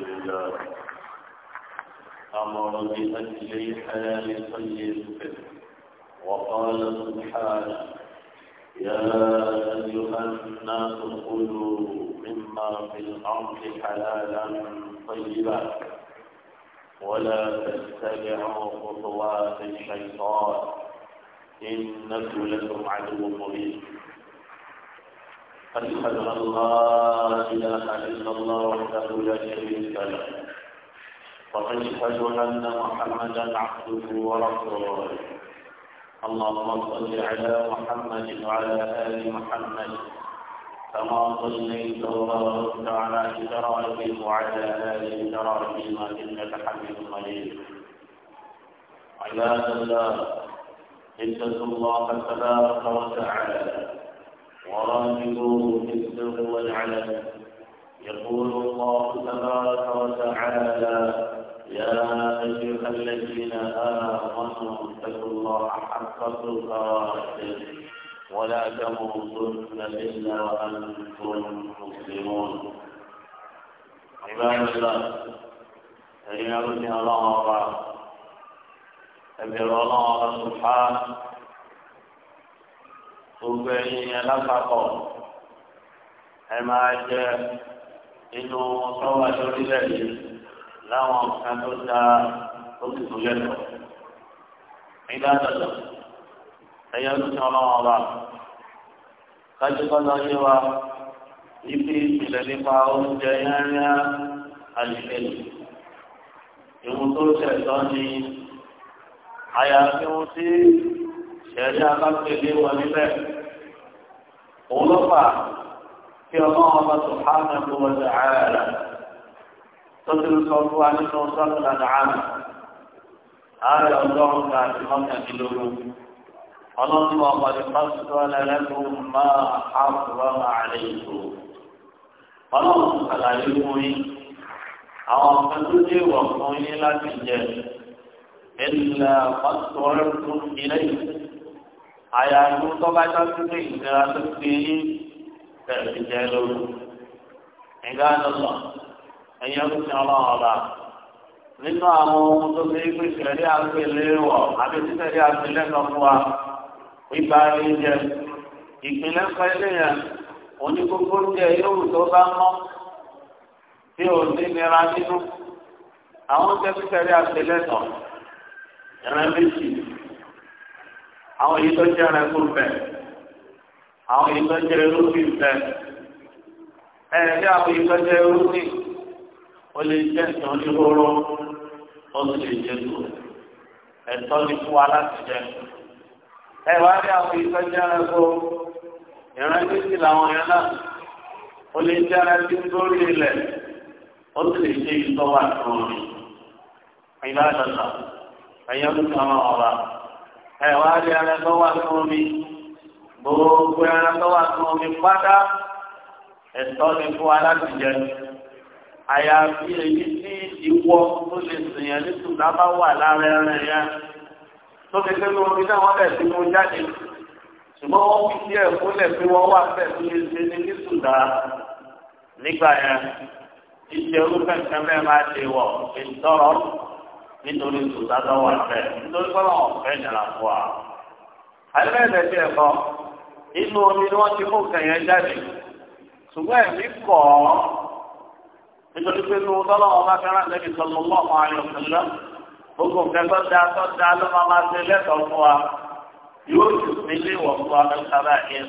لله أمر بأجل حلال طيب وقال سبحانه يا أيها الناس خذوا مما في الأرض حلالا طيبا ولا تتبعوا خطوات الشيطان إنه لكم عدو مبين أشهد أن لا إله إلا الله وحده لا شريك له وأشهد أن محمدا عبده ورسوله اللهم صل على محمد وعلى آل محمد كما صليت وباركت على إبراهيم وعلى آل إبراهيم إنك حميد مجيد عباد الله اتقوا الله تبارك وتعالى وراجعوه في السر والعلن يقول الله تبارك وتعالى يا أيها الذين آمنوا اتقوا الله حق تقاته ولا تموتن إلا وأنتم مسلمون عباد الله أيها الله أبي الله سبحانه gbogbo ẹyin alápapọ̀ ẹ máa jẹ inú sọ́wọ́ lórílẹ̀ yìí láwọn nǹkan tó da ó sì tún lẹ́tọ̀. nígbà tọ̀tọ̀ ẹyẹ ló ti ọlọ́wọ́ wa kájú kọ́lọ́ yé wa ibi ìpìlẹ̀ nípa oúnjẹ yányá àlìkẹ́lì. ìwọ̀n tó ṣẹ̀tọ́ ni àyàfi ohun tí ṣẹ̀rí alágbèlé wọn nílẹ̀ òun ló fà kí ọlọ́run ọba tó há mẹ́kọ́ wọn ṣe ààrẹ rẹ̀ tó ti sọ fún wa nínú sọ́kùnrin àdáhàmì ààrẹ ọlọ́run ká àti mọ́kàndínlógún ọlọ́run wọn wà ní pásítọ̀ ẹlẹ́kùn máa àfùrọ̀ àlẹ́ ìlú ọlọ́run kàlàyé fún yín àwọn kan tó dé wọ̀ fún yín láti jẹ ẹ̀ ńlá pásítọ̀ ẹlẹ́kùn ilé ìlú àyàgbó tọ́ba jáde pé ìlera tó fi ní bẹ̀rẹ̀ ti jẹ́ lóru. ẹ̀gá lọ́sọ̀ ẹ̀yẹ́ ń sin ọlọ́run ọba. nínú àwọn ohun tó fi pé ìṣẹ̀lẹ̀ àgbélé wọ̀ àbí títẹ̀lé àgbélé kan fún wa gbígba oúnjẹ. ìpínlẹ̀ pẹ́lẹ́ yẹn oníkókó jẹ yóò tó bá mọ́ tí ò ní nira nínú. àwọn tẹ́tí tẹ̀lé àgbélé tán ẹ̀rẹ́ méjì àwọn èyí tó jẹ́ ẹranko fẹ́ àwọn èyí tó jẹ́ irúgbìn fẹ́ ẹ̀ bí àwọn èyí tó jẹ́ irúgbìn ó lè jẹ́ ìtàn oníhóró ó sì lè jẹ́ lò ẹ̀tọ́ ni fún wa láti jẹ ẹ wá rí àwọn èyí tó jẹ́ ẹranko ìrántí sí làwọn yẹn náà ó lè jẹ́ ẹranko lórí ilẹ̀ ó sì lè jẹ́ ìtọ́wà tó rìn ìlànà ẹ̀yẹ́ ló sọ ọmọ ọba ẹ̀wá rí ara tó wà fún omi gbogbo ara tó wà fún omi pátá ẹ̀tọ́ ni fún aláṣìjẹ àyàfi èyí tí ìwọ tó lè sìn yẹn ní tùdá bá wà lára ẹran yẹn tó fi pé lóun omi náà wọ́n bẹ̀ sí mú jáde ṣùgbọ́n wọ́n fi díẹ̀ múlẹ̀ pé wọ́n wà fẹ́ tó lè ṣe ní ní tùdá nígbà yẹn ìṣerú fẹ́ǹkẹ́ mẹ́rin máa ṣe wọ̀ ìtọ́rọ̀ nítorí tòta wà fẹ́ nítorí kọ́lọ́ ọ̀fẹ́ nira fún wa. àìbẹ́ẹ̀dẹ̀ tí ẹ̀kọ́ inú omi ni wọ́n ti mú kẹ̀yẹ jáde ṣùgbọ́n ẹ̀mí kọ̀ nítorí pé inú tọ́lọ́ wọn bá fẹ́ràn lẹ́bi sọ̀tún lọ́ọ̀mọ́ ayọ̀kẹ́lẹ́ gbogbo kẹtọ́ da tọ́ da ló máa máa ṣe lẹ́tọ̀ọ́ fún wa yóò sì fi lé wọ̀ fún wa lọ́sà báyìí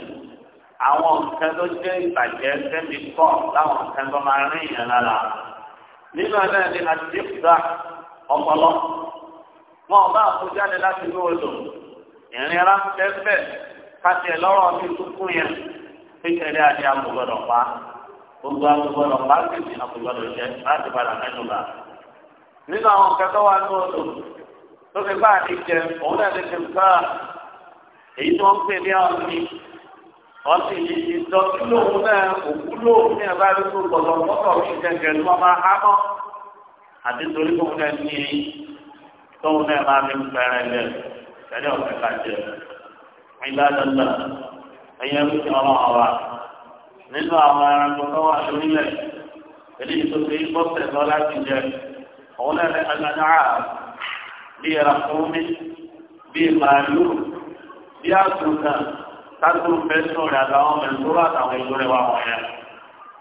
àwọn nǹkan tó jẹ́ ìbàjẹ́ sẹ́mi kọ̀ láwọn nǹkan tó máa rìn yẹn lára nínú ẹ̀ náà ni àti ọpọlọ wọn ọba àkójáde láti inú odò ìrìn ránpẹ́ bẹ́ẹ̀ káti ẹ̀ lọ́rọ̀ mi tuntun yẹn pékeré àti àbúgbọ̀dọ̀ pa gbogbo àbúgbọ̀dọ̀ pa sì ní àbúgbọ̀dọ̀ jẹ láti padà mẹ́nu bá. nínú àwọn kẹtọ́ wa ní odò tó fi bá àdìjẹ òun náà ti fi bá èyí tó ń pè ní ọ̀sìn ọtí ìdọ̀tí lòun náà òkú lòun ní ẹ̀bá rẹ̀ tó gbọ̀dọ̀ mọ́tò ìjẹ̀jẹ̀ ló máa há mọ́ àti torí kò fẹ́ ní tóun náà máa fi fẹ́rẹ̀ lẹ̀ tẹ́lẹ̀ ọ̀fẹ́ ká jẹ. ìgbà dandan ẹ̀yẹ ń fi ọmọ ọ̀wà nínú àwọn ẹranko tó wà lórílẹ̀ eléyìí tó fi bọ́sẹ̀ lọ láti jẹ òun náà lẹ́ agbádára bíi ràkúnmí bíi màálù bíi àtúntà tákùn fẹ́ sọ̀rọ̀ àtàwọn mẹ̀tọ́rọ̀ àtàwọn ìlú wà wọ̀nyẹn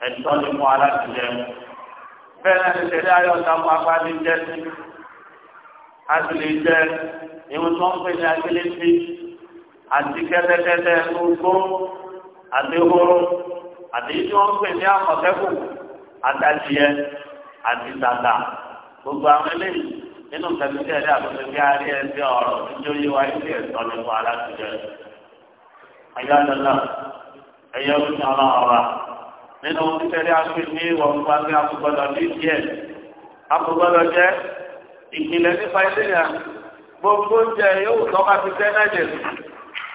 ẹ̀tọ́ ni mo aláṣẹ bẹ́ẹ̀ náà ìṣẹ̀lẹ̀ ayọ̀ ọ̀tàkù apáni jẹ́ sí agbèlè jẹ́ ìwọ̀n tó ń pè ní agbèlè sí àti kẹ́tẹ́kẹ́tẹ́ gbogbo àti horo àti tí wọ́n pè ní àkọ́tẹ́kù àtàjìyẹ àti tàtà gbogbo àwọn eléyìí nínú àtúntò arí ẹgbẹ́ ọ̀rọ̀ yé wáyé sí nípa aláṣẹ jẹ́ ayé ẹ̀yẹ́ ọ̀rọ̀ nínú títẹ̀lé aṣọ ní ìwọ̀n bá ní akọgbọ́dọ̀ ní díẹ̀ akọgbọ́dọ̀ jẹ́ ìpìlẹ̀ nípa ilé yà gbogbo oúnjẹ yóò tọ́ka ti tẹ́ lẹ́jẹ̀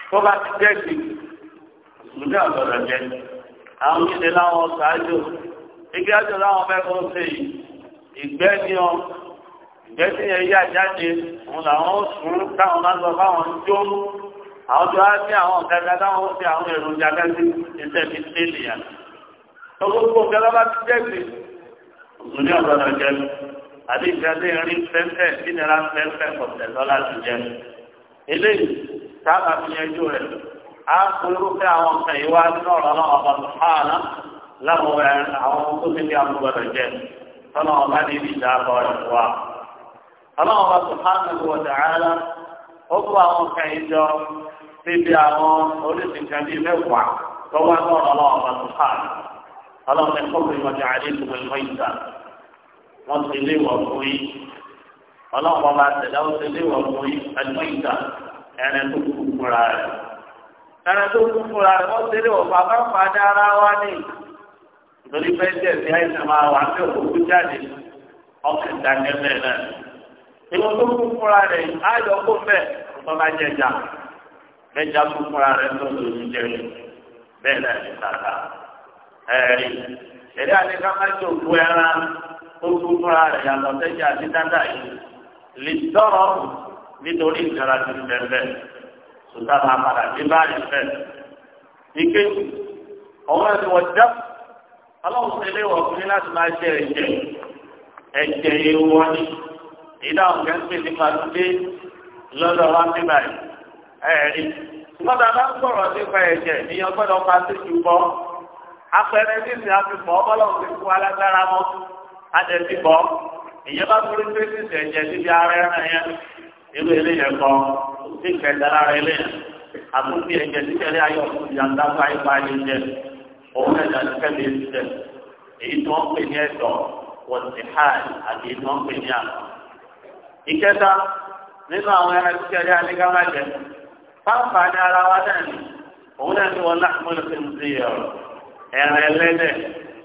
tó bá ti jẹ́ sí ìlú àgbọ̀dọ̀ jẹ́ àwọn ìdílé láwọn ṣáájú igi àjọ láwọn fẹ́ kó ṣe yìí ìgbẹ́ ni ọ ìgbẹ́ tí yẹn yá jáde òun làwọn ó sùn táwọn máa ń lọ fáwọn jó àwọn tó wá sí àwọn ọ̀gá táwọn ó fi àwọn èròjà gẹ́gẹ́ iṣẹ́ fi tẹ́lẹ̀ yàtọ̀. gbogbo nǹkan bá ti jẹ́sì ní ọ̀gbọ́dọ̀ jẹ́ àti ìfẹ́sẹ̀ rí fẹ́fẹ́ ìnira fẹ́fẹ́ kọ̀tẹ̀ lọ́la ti jẹ́ eléyìí sábà fi yanjú rẹ̀ á àwọn nǹkan yìí wá nínú ọ̀rọ̀ náà láwọn àwọn tó ti di jẹ́ tọ́nà ọba ní ibi rẹ̀ wá. ó kó àwọn nǹkan yìí jọ àwọn oríṣi nǹkan bíi mẹ́wàá tó wá ọ̀rọ̀ náà ọba ọlọ́run ẹ̀kọ́ pé wọ́n ti àdé ìtumọ̀ ìmọ̀ ìta wọ́n ti lé wọ̀ fún yín ọlọ́run ọba àtẹ̀dá ó ti lé wọ̀ fún yín ẹ̀mọ̀ ìta ẹ̀rẹ̀ tó kú fúnra rẹ̀ ẹ̀rẹ̀ tó kú fúnra rẹ̀ wọ́n ti lé wọ̀ fún abáfàdé ara wa ní nítorí pé ẹ̀jẹ̀ ti àìsàn máa wà ní òkú jáde ọkàn ìdákẹ́fẹ́ náà ìwọ tó kú fúnra rẹ̀ ayọ̀ kó bẹ́ẹ̀ náà ẹ̀rí ẹ̀rí àdéhùn amájú òkú ẹran ó tún fúnra rẹ̀ yàtọ̀ sẹ́jà àti dáńdá yìí lè tọrọ nítorí ìjọra ti bẹ̀rẹ̀ sùtá máa padà dé báyìí fẹ́. ike ọmọ ẹni wọ́n jẹ́ ọlọ́run tẹ̀lé wọ̀ fún mi láti máa jẹ ẹ̀jẹ̀ ẹ̀jẹ̀ ewu wọn ni ìdáhùn kẹ́ńtì nípa dúdé lọ́dọ̀ wá sí báyìí ẹ̀rí. ṣùgbọ́n bàbá ń sọ̀rọ̀ nípa ẹ̀jẹ̀ ìyẹn gbọ́dọ̀ pa sí ju apẹrẹ nísìnyí àti bọ ọbọlọwọ ti fún alágbára mọ àtẹsí bọ ìyẹn bá níbi ara ẹran yẹn kọ kẹta ara àtúntì ayọ jẹ òun ẹ̀jẹ̀ níkẹlẹ ìsìtẹ èyí pè ní ti háì àti èyí tí wọn pè ní àná. ìkẹta nínú àwọn ẹran níkẹlẹ alígámájẹ fáfáà ní ara wa náà ni òun náà ẹ̀rẹ̀ ẹlẹ́dẹ̀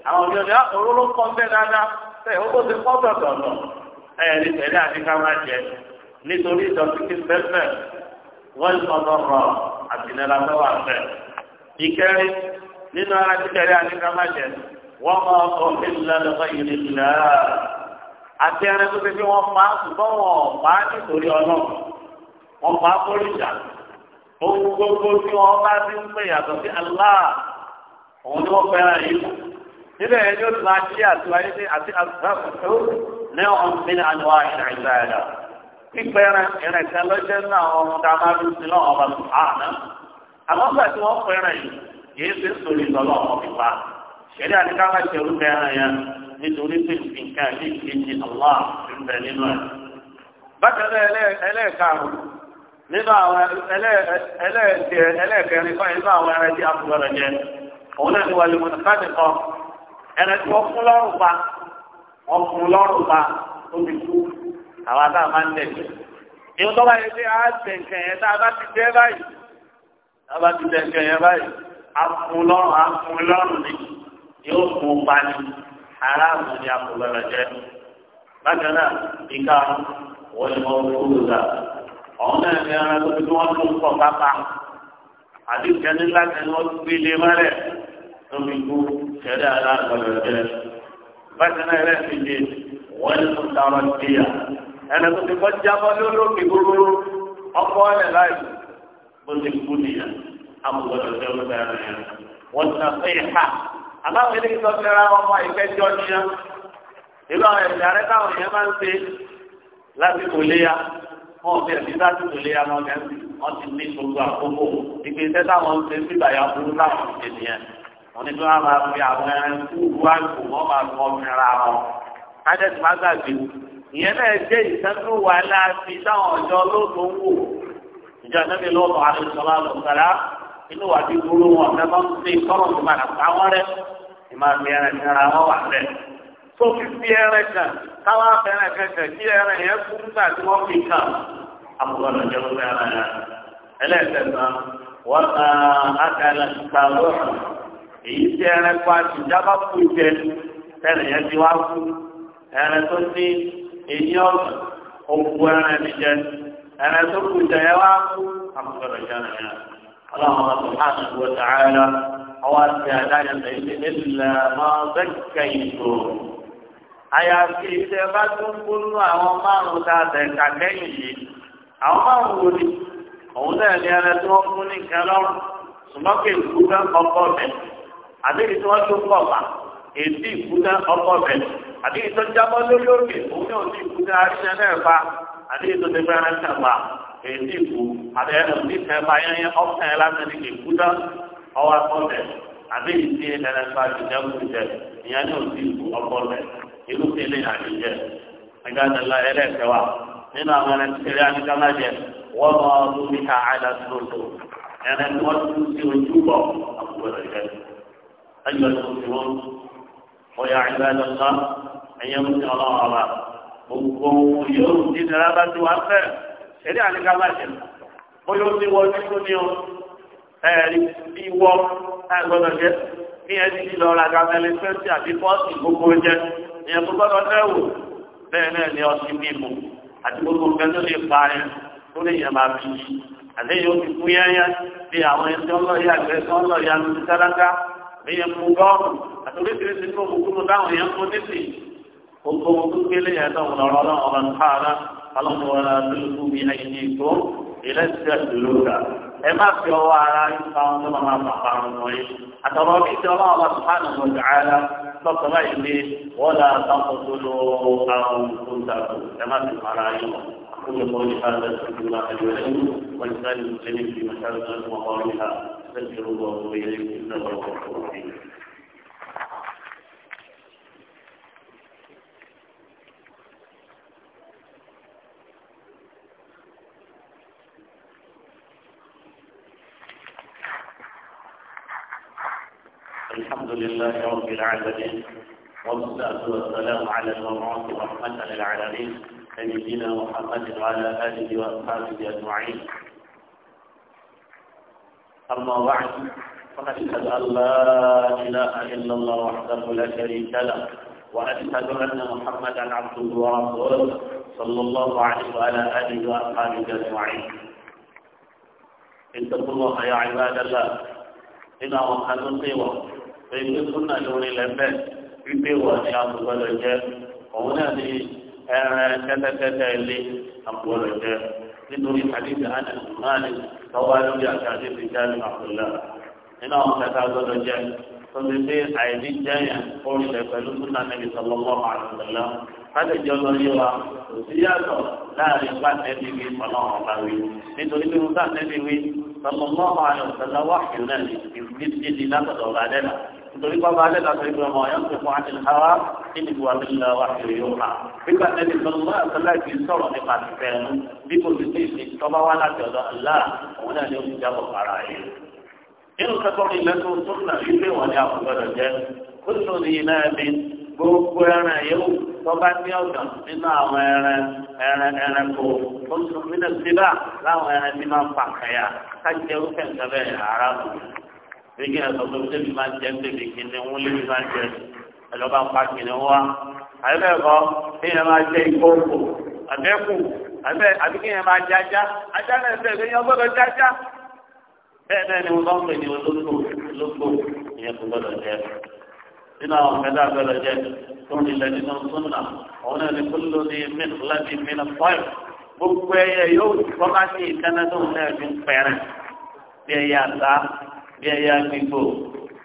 àwọn ọ̀dọ́ ọ̀rọ̀ ló kọ́ bẹ́ẹ̀ dáadáa ẹ̀ ó ti kọ́ tọ̀tọ̀ lọ ẹ̀ ní tẹ̀lé àdìgá máa jẹ nítorí ìdọ̀tíkì pẹ́pẹ́ wọ́n ti tọ̀tọ̀ rọ̀ àtìlẹ́la tó wà fẹ́. ìkẹrin nínú ara ti tẹ̀lé àdìgá máa jẹ wọ́n mọ ọ̀fẹ́ ìlànà ìrìnlá àti ẹran tó fi fi wọ́n pa ṣùgbọ́n wọn pa nítorí ọlọ́run wọ́n pa kórìjà ohun gbogbo tí wọ́n bá ti ń pè yàtọ̀ sí Allah òun ni wọ́n fẹ́ràn yìí níbẹ̀ yẹn ni ó ti máa ṣí àtiwáyé sí àti àtúntàkù tó ní ọ̀hún sí ní àníwá ìṣẹ̀ ìṣẹ̀ ẹ̀dá pípẹ́ ẹ̀rẹ̀ kan lọ́jọ́ náà ọmọ tá a máa fi sí lọ́wọ́ ọba tó àná àmọ́ gbà tí wọ́n fẹ́ràn yìí yìí ṣe sórí lọ́lọ́ ọmọ pípa ṣẹlẹ̀ àdìgá máa ṣe orúkọ ẹran yẹn nítorí pé nǹkan ní ìkejì Allah ti bẹ̀ nínú ẹ̀. bákan náà ẹlẹ́ẹ̀karùn nínú àwọn ẹlẹ́ẹ̀kẹrin fún ẹ̀ nínú àwọn ẹran tí a fún ọ̀rọ̀ jẹ òun náà ni wà lóun nìkan nìkan ẹnì tí wọ́n fún lọ́rùn pa wọ́n fún lọ́rùn pa ó ti kú àwa tá a máa ń tẹ̀lé. ìwọ́n tó bá yẹ pé a tẹ̀ nǹkan yẹn tá a bá ti tẹ́ báyìí tá a bá ti tẹ̀ nǹkan yẹn báyìí a fún lọ́rùn a fún lọ́rùn ni yóò fún pa ni aráàlú ni a kò lọ́rọ̀ jẹ́. bákan náà ìka wọ́n ni wọ́n fún un gbà ọ̀hún náà ni ara tó fi wọ́n tún pọ̀ pápá àdìgbẹ́ni láti ni wọ́n gbélé mọ́lẹ̀ lórí ikú ṣẹ̀dá aláàgbọ̀dọ̀ jẹ́. Bákan náà ẹ̀rẹ́ ti di wọ́n tó dáwọ́ sí yà. Ẹni tó ti kọ́ jábọ́ lólókè gbogbo ọkọ̀ ọ̀lẹ̀ láì bó ti kú nìyà. Amọ̀gbọ̀dọ̀ jẹ́ ọ̀gbọ̀dọ̀ yẹn. Wọ́n ti náà fẹ́yìn ká. Aláwọ̀ ilé ìtọ́ ti ra ọmọ ìfẹ́jọ́ níyà. Ìlú àwọn ẹ̀sìn àrẹ táwọn èèyàn máa ń ṣe láti kò léya. Wọ́n ti ẹ̀sìn láti kò ní gbogbo àkókò. Ìgbésẹ̀ táwọn ń ṣe síbàyà burú láwọn ènìyàn wọn ní kí wọn máa fi àwọn ẹranko wá kó wọn máa kọ ọmọnira wọn adẹ́tí má gbàgbé ìyẹn náà jẹ́ ìsẹ́nu wà láti táwọn ọjọ́ lóòótọ́ wò ìjọ ìsẹ́nu lọ́wọ́ àdéhùsọ́lá lọ́sọ̀lá inú wà bí gbóló wọn ọ̀sẹ̀ máa ń fi kọ́rọ̀ tó máa dàgbà wọn ìmọ̀ àfi ẹran ìnira wọn wà rẹ tó fi fi ẹran kan káwá fẹ́ràn kẹ̀kẹ́ kí ẹran yẹn kú nígbà tí wọ́n fi kàn àbúrò ọ̀nàjẹ́ ló èyí tí ẹran pa ìjábá kú ìjẹ tẹ́lẹ̀ yẹn ti wá kú ẹran tó ní èyí ọ̀gbìn òkú ẹran mi jẹ ẹran tó kú ìjẹ yẹn wá kú àmọ̀gbọ̀dọ̀ jẹ ẹran yẹn. اللهم سبحانه وتعالى أواسك أدانا إلا ما زكيتم àyàfi ìṣe bá tún gbólú àwọn márùn tá a tẹ̀ka kẹ́yìn yìí àwọn márùn wo ni òun náà ní ẹni tí wọ́n ní nǹkan lọ́rùn kí n kú fẹ́ kọ́kọ́ bẹ̀ àdéhìí tí wọ́n tó ń bọ̀ wá èsì ìkúná ọkọ bẹ̀ àdéhìí tó jábọ́ lórí òkè òun yóò ní ìkúná aṣẹ náà fa àdéhìí tó ti fẹ́ràn tẹ̀ wá èsì ìkú àdéhìí tó ti fẹ́ fa yẹn ọkàn yẹn lásán ní ìkúná ọwọ́ ọkọ bẹ̀ àdéhìí tí ẹnlẹ́ fa jùlọ kù jẹ ìyẹn ní òsì ìkú ọkọ bẹ̀ ìlú kele àdéjẹ ẹgbẹ́dẹ́lá ẹlẹ́ẹ̀kẹ́ nínú àwọn ẹlẹ́kẹ́lẹ́ àdékámájẹ wọ́n mọ ọdún níta àdásílòdò ẹnlẹ́ tí wọ́n tún sí ojú bọ̀ àbúrò ẹ̀jẹ̀. أيها المسلمون ويا عباد الله أن يمسي الله الله gbogbo yóò di nira bá ti wá fẹ́ ẹ̀rí àníká bá jẹ̀ ó yóò ti wọ nínú ni ó ẹ̀rí bí wọ́ ẹgbọ́dọ̀ jẹ́ ní ẹni tí lọ ra gamẹ́lẹ́ fẹ́ǹsì àti pọ́ọ̀sì gbogbo jẹ́ ìyẹn tó gbọ́dọ̀ lẹ́wò bẹ́ẹ̀ náà ni ọtí mímu àti gbogbo nǹkan tó lè pa ẹ tó lè yẹn máa fi yí àlẹ́ yóò fi kú yẹ́yẹ́ bí àwọn ẹni tó ń lọ yàgbẹ́ tó ń lọ yanu ti sáláńgá èèyàn kú gọ́ọ̀mù àti oríṣiríṣi tó mú kúrò dáhùn èèyàn kú nísì gbogbo ohun tó gbélé yẹn tó lọ́rọ́ náà ọ̀rọ̀ nǹkan alọ́mọ̀ọ́ra lóṣù mi ẹ̀yìn ìtò ìrẹsì àdúrà ẹ má fi ọwọ́ ara yín fa ohun tó máa máa fà pa ọmọ yín àtọ̀rọ̀ bí ti ọlọ́run wa sùpánù ló dà á la lọ́kọ̀ báyìí pé wọ́n la àtàkùn tó lo àwọn òkúta ẹ má fi fara yín wọ̀. كل قول هذا الحمد الله عز وجل ولسائر المسلمين في مساجد ومقامها استغفر الله واليه انه الغفور الرحيم الحمد لله رب العالمين والصلاة والسلام على المبعوث رحمة للعالمين سيدنا محمد وعلى آله وأصحابه أجمعين أما بعد فأشهد أن لا إله إلا الله وحده لا شريك له وأشهد أن محمدا عبده ورسوله صلى الله عليه وعلى آله وأصحابه أجمعين اتقوا الله يا عباد الله إن أوحد القوى فإن كنا لون الأنبات في قوى يا أبو الجاه وهنا ẹran tẹ́tẹ́tẹ́tẹ́ ilé àpòlọ̀ jẹ nítorí àdìsí àná ìmáàlì tọ́wọ́ lórí àti àdìsí jáde àpòlọ̀ nínú àwọn kẹta gbọdọ̀ jẹ tóbi pé àìdí jẹyàn orílẹ̀ pẹ̀lú súnà níbi sọlọ́mọ́ àtúntàlá káde jọ lọ yé wa kò sí yàtọ̀ láàrin bá nẹ́bí wí ọlọ́run ọba wí nítorí pé wọn bá nẹ́bí wí sọlọ́mọ́ àtúntàlá wà fún nítorí bàbá alẹ́ làtọ̀ ìgbà ọmọ ọ̀yọ́ ti fún àti ìhàwá nínú ìwà nílò wa kiri yóò hà. nígbà tẹ́lẹ̀ sọ́lá àtàlà kì í sọ̀rọ̀ nípa tìfẹ́ ẹnu bí kò sì sí ìsìn tọ́ba wá láti ọ̀dọ̀ àlá òun náà ni ó ti jábọ̀ para yìí. nínú kẹ́kọ̀ọ́ ilẹ̀ tó tó nà ilé wọn ni àkùgbọ́dọ̀ jẹ́ ó sọ ní iná ẹni gbogbo ẹran yóò tọ́ba ní ọ̀dọ̀ nínú àwọn ẹran ẹran ẹran kò ó sọ nínú síbà láwọn ẹran tí máa ń pa kẹyà ká jẹ́ ó fẹ̀ ṣégi ẹ̀sọ́ tó ṣe fi máa jẹ ń bèbè kìnnì ń lé fi máa jẹ ẹ̀lọ́ bá pa kìnnì wá. àyẹ̀bẹ̀kọ́ kéèyàn máa jẹ ìkókò àbẹ́kù àbí kéèyàn máa jẹ ajá ajá náà ṣe ìgbéyàn ọgbọ́dọ̀ jẹ ajá. bẹ́ẹ̀ náà ni mo bá ń pè ní ológbò ológbò ìyẹn kò gbọ́dọ̀ jẹ nínú àwọn ọ̀gá gbọ́dọ̀ jẹ tó ń lilẹ̀ nínú súnà òun náà ni kúló ní láti mìíràn fọ́ọ̀lù gbogbo ẹyẹ yóò kọ́ bá sí ìkànnà tó ń lẹ́ẹ̀dún pẹ̀rẹ̀ bí ẹyẹ àtà bí ẹyà gbígbó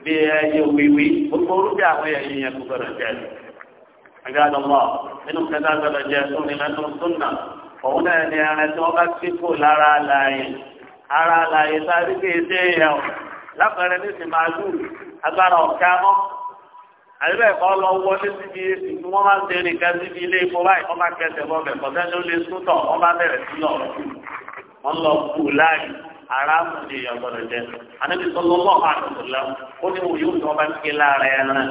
bí ẹyà wíwí gbogbo orúkọ àwọn èèyàn kò gbọdọ̀ jẹ agbára lọ nínú kẹta gbọdọ̀ jẹ tó ní lẹnu súnà òun náà ní tí wọn bá lára ara o ní agbára àyẹ̀bẹ̀ kọ́ lọ wọlé síbi máa ń síbi ilé báyìí kẹsẹ̀ bọ́ bẹ̀ bá bẹ̀rẹ̀ sí haramu ni èèyàn gbọ́dọ̀ jẹ anabi sallallahu alaihi wasallam ó ní òye òun ọba ké lára ẹ rẹ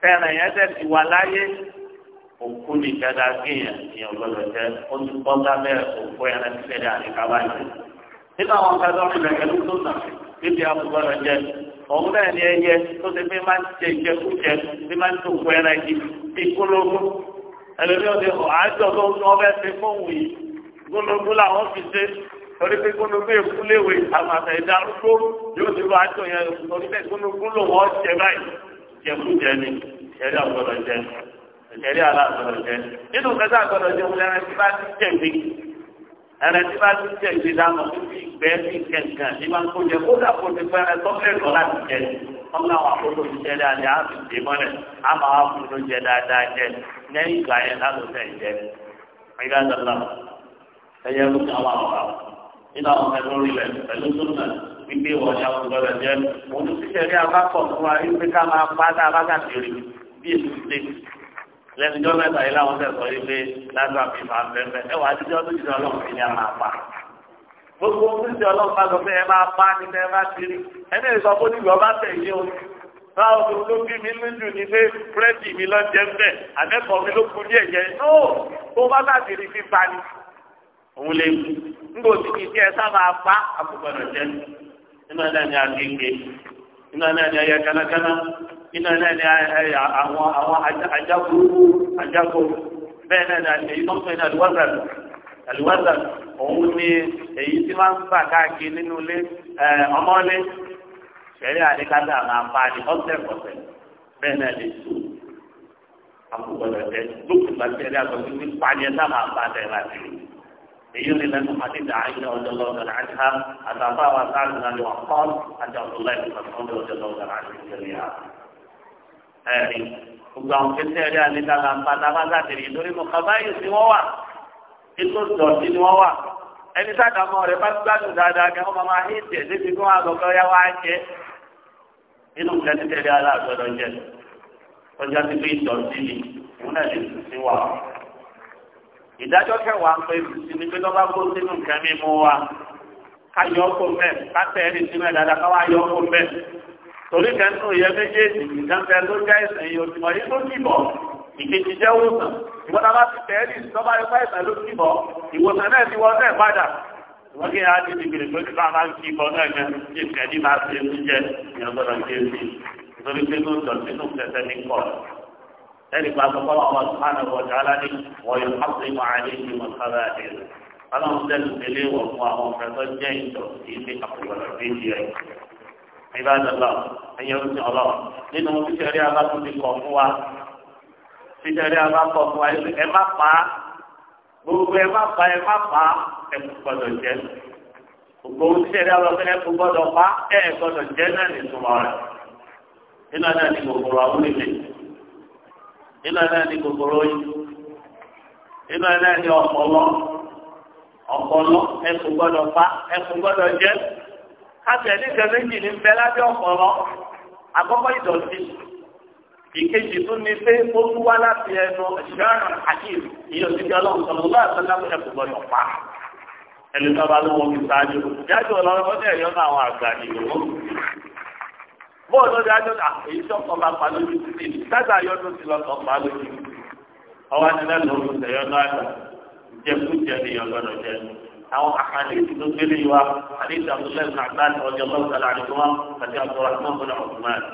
fẹrẹ yẹn tẹ ti wà láyé òkú ni dada kéèyàn èèyàn gbọ́dọ̀ jẹ ó ti bọ́ sábẹ́ òkú ẹrẹ ti fẹ́rẹ̀ àríkà báyìí nínú àwọn kájọ́ ìlẹ̀ pẹ̀lú tó nà níbi àbúgbọ́dọ̀ jẹ òun náà ni ẹyẹ tó ti fi máa ń jẹ ìjẹkújẹ fi máa ń tó òkú ẹrẹ yìí bí kólógún ẹlòmíràn ti hàn tó ń lọ bẹ́ẹ̀ fi fóun yìí kólógún làwọn fi ṣe torí pé gbóngbé ìkúléwé àwọn àtẹ̀dá arúgbó yóò ti wá àjọ yẹn torí pé gbóngbó ló wọ́n jẹ báyìí jẹkújẹ ni ìṣẹ̀rí àgbọ̀dọ̀ jẹ ìṣẹ̀rí aláàgbọ̀dọ̀ jẹ nínú kẹta àgbọ̀dọ̀ jẹ wọn ẹrẹ tí bá ti jẹ̀bi ẹrẹ tí bá ti jẹ̀bi dáná fífi ìgbẹ́ ní kẹ̀kẹ́ ní máa ń kó jẹ kó dàpọ̀ ti pẹ́ ẹrẹ tó fẹ́ lọ láti jẹ wọn láwọn àkókò ìṣẹ̀rí alẹ́ á fi dè mọ́lẹ̀ á máa wá fún un jẹ dáadáa jẹ lẹ́yìn ìgbà yẹn lálùfẹ́ jẹ ẹ̀yẹ́ ló ń àwọn àwọn àwọn nínú àwọn ọmọ lórí rẹ̀ pẹ̀lú súnà wípé ìwọ ni àwọn ọ̀dọ́ rẹ̀ jẹ́ òun ti tẹ̀lé abákọ̀ fún wa wípé ká máa pa á dá abákàtì rí bí èsì ṣe lẹ́nu jọ́ mẹ́ta yìí láwọn tẹ̀sọ̀ wípé lágbà fi máa bẹ̀rẹ̀ ẹ wà á dídí ọdún ìdí ọlọ́run fi ni a máa pa. gbogbo ohun tí ọlọ́run bá sọ pé ẹ máa pa ni ẹ máa ti rí ẹni ìsọ fún ìgbà ọba tẹ̀ yé o. báwo ni ló bí mi lójú ni pé fúrẹ́dì mi lọ jẹ́ bẹ́ẹ̀ àbẹ́kọ̀ọ́ mi ló kú díẹ̀ jẹ́ òun lè kú nígbà òtítì tí ẹ sábà pa àkùgbọ̀nà jẹ nínú ẹ̀dá ni àgbègbè nínú ẹ̀dá ni ẹyẹ kánákáná nínú ẹ̀dá ni àwọn àwọn ajagun ajagun bẹ́ẹ̀ náà ni èyí tó ń pè ní àlùwàsàlù àlùwàsàlù òun ni èyí tí máa ń gbà káàkiri nínú ilé máa bẹ́ẹ̀ náà sùn àkùgbọ̀nà jẹ lókùnbà èyí ni lẹ́nu àti dàáyé ọjọ́lọ́ ọ̀dọ̀lá àti ha àtàfà wa sáàlù náà ni wọ́n kọ́ àti ọ̀dọ̀lá ìfọ̀sọ́dọ̀ ọjọ́lọ́ ọ̀dọ̀lá àti ìṣẹ̀lẹ̀ ha. ẹ̀rí gbogbo àwọn kẹsẹ̀ rí àlejò àlàǹfà tábàtà tèrè lórí mọ̀ kábáyé sí wọ́n wà ètò ìdọ̀tí ni wọ́n wà ẹni sàdámọ́ rẹ̀ bá gbádùn dáadáa kí wọ́n máa hí tiẹ̀ débi kí wọ́n á lọ́kọ́ yá wá jẹ́ inú kẹsẹ̀ rí àlàǹfà ìdájọ́ kẹwàá ń pè sí ni pé lọ́ba kó sínú nǹkan mímu wa ká yọ ọkọ mẹ ká tẹ̀lé sínú ẹ̀ dáadáa ká wá yọ ọkọ mẹ torí kan tó yẹ méjèèjì ìdánfẹ́ ló já ẹsẹ̀ yìí òtùmọ̀ yìí ló dìbọ̀ ìkejì jẹ́ wòsàn ìwọ́n bá ti tẹ̀lé lọ́ba yọ ẹsẹ̀ ló dìbọ̀ ìwòsàn náà ti wọ́n náà padà wọ́n kí á ti di gbèrè pé bá a máa ń kí ibọ̀ náà gan kí ìkẹ́ni máa ṣe oúnjẹ ìyàgbọ́dọ̀ kí é sí nítorí ẹnì kan sọ fọlọ́ ọmọ sùpánà wọ̀jà aládé wọ̀nyí hàpìmọ̀ àdé ní mọ̀sára àdé rẹ̀. ọlọ́run tẹ́lẹ̀ tẹ́lẹ̀ wọ̀ fún àwọn ọ̀fẹ́ tó jẹ́ ìjọ kì í ṣe àpòwọ̀lọ̀ bíi ẹ̀. ìbádọ́lá ẹ̀yẹ oṣù ọlọ́run nínú fífẹ́rí abákùn ti kọ̀ fún wa fífẹ́rí abákọ̀ fún wa ẹ má pa á gbogbo ẹ má pa ẹ má pa ẹ kò gbọdọ̀ jẹ gbogbo fífẹ́rí abákùn ẹ kò gbọdọ̀ pa ẹ gbọdọ̀ jẹ náà nìtumọ̀ iná náà ní kòkòrò yìí iná náà ní ọ̀pọ̀lọ́ ọ̀pọ̀lọ́ ẹkùn gbọ́dọ̀ pa ẹkùn gbọ́dọ̀ jẹ́ káfíà nígbà méjì ní bẹ lábẹ́ ọ̀pọ̀lọ́ àkọ́kọ́ ìdọ̀tí ìkejì tún ní pé ó tún wá láti ẹnu ṣẹ́ràn àkìr ìyẹn ti di ọlọ́run sọ̀rọ̀ lọ́wọ́ àtàlámù ẹkùn gbọ́dọ̀ pa ẹlẹ́nu ọba ló wọ́n fi ṣáájú jáde ọ̀lọ́run ọdẹ ẹ̀yọ́ náà àwọn àgbà nìyẹn bọ́ọ̀lù ọdẹ ajọ́ta ah, èyí tó kọ́ bá pa lórí títì sáta ayọ́dún ti lọ sọ pa lórí ọwọ́ ni lẹ́nu ọdún tẹ̀yọ́ náà jẹkújẹ ni ọlọ́dọ̀ jẹ àwọn àkàndé tó gbélé wa àdéhùn àbúlé nàgbàn ọjọ́ lọ́sọ̀lá àdìgbò àti àbúrò àti mọ́kànlá ọ̀gbọ́n.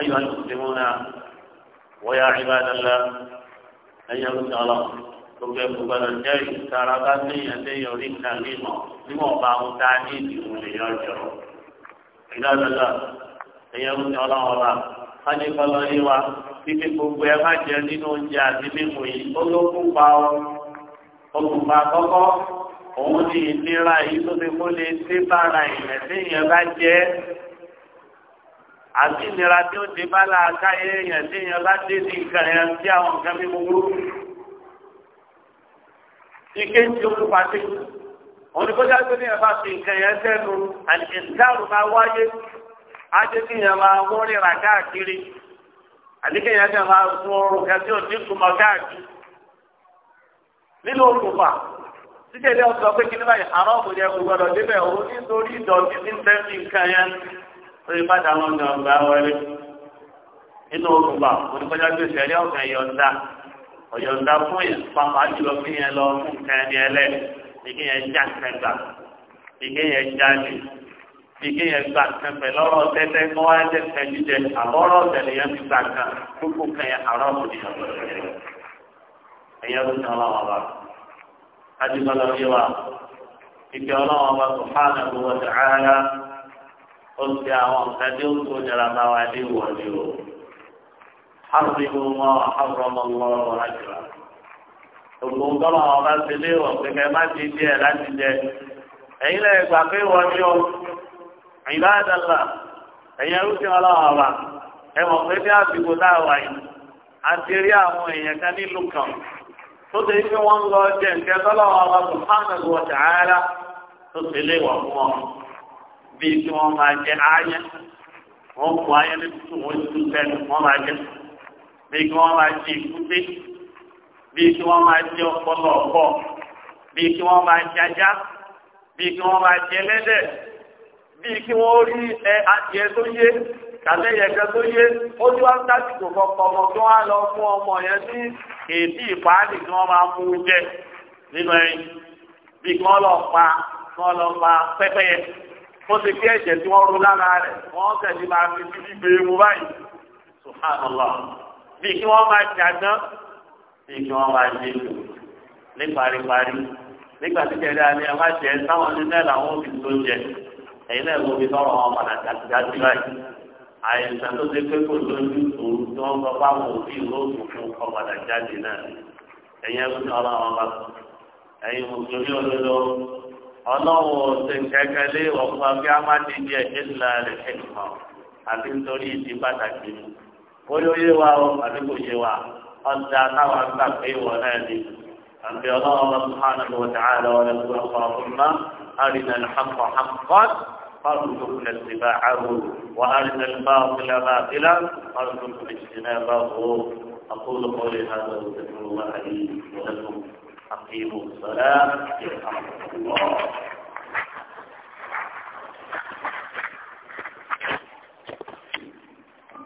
أيها المسلمون ويا عباد الله أيها المسلمون gbogbo ẹgbogbo ẹlọ jẹ ìtara bá ní ẹdẹ yọrí ìtàgé mọ bí wọn bá ní ìdìbò lè ìdádọ́dọ́ ẹ̀yẹ ń tọ́ lọ́wọ́ wa wọ́n ní kọ́ lọ yíwa títí gbogbo ẹ má jẹ nínú oúnjẹ àti mímu yìí ó ló kú pa ọ okùnfà kọ́kọ́ òun ní ìlera yìí tó ti kó lè dé bára ìrìn tí ìyẹn bá jẹ́ àti ìlera tí ó dé bá làákàyè èèyàn tí ìyẹn bá dé ní nǹkan ẹ̀ tí àwọn nǹkan mímu burú. ìkéjì olùpàdé òní kó jáde ní ẹ̀fà sí nǹkan yẹn sẹ́nu àdìsíkàrù máa wáyé ájẹ́kí yẹn máa wọ́n ríra káàkiri àdìkí yẹn kẹ́ máa sun oorun kẹ́sí òní túmọ̀ káàkiri nínú òkùnfà títẹ̀ ilé ọ̀sán pé kíní báyìí àrọ́ òkùn yẹn kò gbọdọ̀ débẹ̀ nítorí ìdọ̀tí tí ń nǹkan yẹn padà wọn nínú òkùnfà òní kó jáde fún ìgbé yẹn já kẹgbà ìgbé yẹn já lè ìgbé yẹn gbà kẹfẹ lọ́rọ̀ tẹ́tẹ́ kọ́ wá jẹ kẹ jíjẹ àbọ̀rọ̀ tẹ́lẹ̀ yẹn ti gbà kan gbogbo kan yẹn àrọ òdìyàn lọ́rọ̀ ẹyẹ ló sàn ọlọ́run ọba adigun lọ wa ìgbé ọlọ́run ọba tó fáànà gbogbo ọjà rárá ó ti àwọn nǹkan tí tó jẹrà bá wa dé wọlé o. حرموا ما حرم الله أجرا ògùn tọ́lọ̀ ọba ṣe lé wọ̀ pé kẹ́ má ti jẹ́ láti jẹ ẹ̀yin lẹ́yìn gbà pé wọ́n ní o ìlú àdàlà ẹrú ọba ẹ pé àsìkò tá a wà a ti rí àwọn èèyàn kan nílùú kan tó ti fi wọ́n lọ jẹ nǹkan tọ́lọ̀ ọba tó fáwọn tààrà tó lé fún wọn bíi kí máa jẹ bíi kí wọ́n máa jẹ ọpọlọ ọ̀pọ̀ bíi kí wọ́n máa jájá bíi kí wọ́n máa jẹ lẹ́dẹ̀ bíi kí wọ́n rí ẹ adìẹ tó yé kàlẹ́yẹ̀kẹ́ tó yé ó ní wọ́n dájú kò kọ́kọ́ ọmọ kí wọ́n á lọ fún ọmọ yẹn ní èdè ìpáàdì kí wọ́n máa mú jẹ nínú ẹyin bíi kí wọ́n lọ pa kí wọ́n lọ pa pẹ́pẹ́yẹ ó ti kí ẹ̀jẹ̀ tí wọ́n ru lára rẹ̀ wọ́n tẹ̀lé máa fi bíbí gbé mu báyìí subhanallah bíi kí wọ́n máa jà sí kí wọ́n máa ṣe lò ní paríparí nígbà tí kẹrẹ alẹ́ ẹ má jẹ táwọn onílẹ̀ làwọn òbí tó jẹ ẹ̀yin náà ló fi tọrọ wọn padà jáde báyìí àìsàn tó ṣe pé kò lójú òru tí wọ́n sọ fáwọn òbí lóògùn fún ọkọ̀ padà jáde náà ẹ̀yin ẹ̀rú ni ọlọ́run bá tó ẹ̀yin mùsùlùmí olólo ọlọ́run ọ̀sẹ̀ kẹ́kẹ́ lé ọ̀pọ̀ kí a má ti di ẹ̀jẹ̀ ńlá rẹ̀ ẹ̀kọ́ àti nítorí ìdí pàtàkì ó yóò yé wa o àbí yé wa ọjà táwọn gbà pé ìwọ náà ni àbí ọlọ́run lọ sùhánà lọ dàá lọ rẹ kúrò fọ́ọ̀mù àrìnà ìhàkọ̀ àkọ́t فارزقنا اتباعه وارنا الباطل باطلا وارزقنا اجتنابه اقول قولي هذا واستغفر الله لي ولكم اقيموا الصلاه يرحمكم الله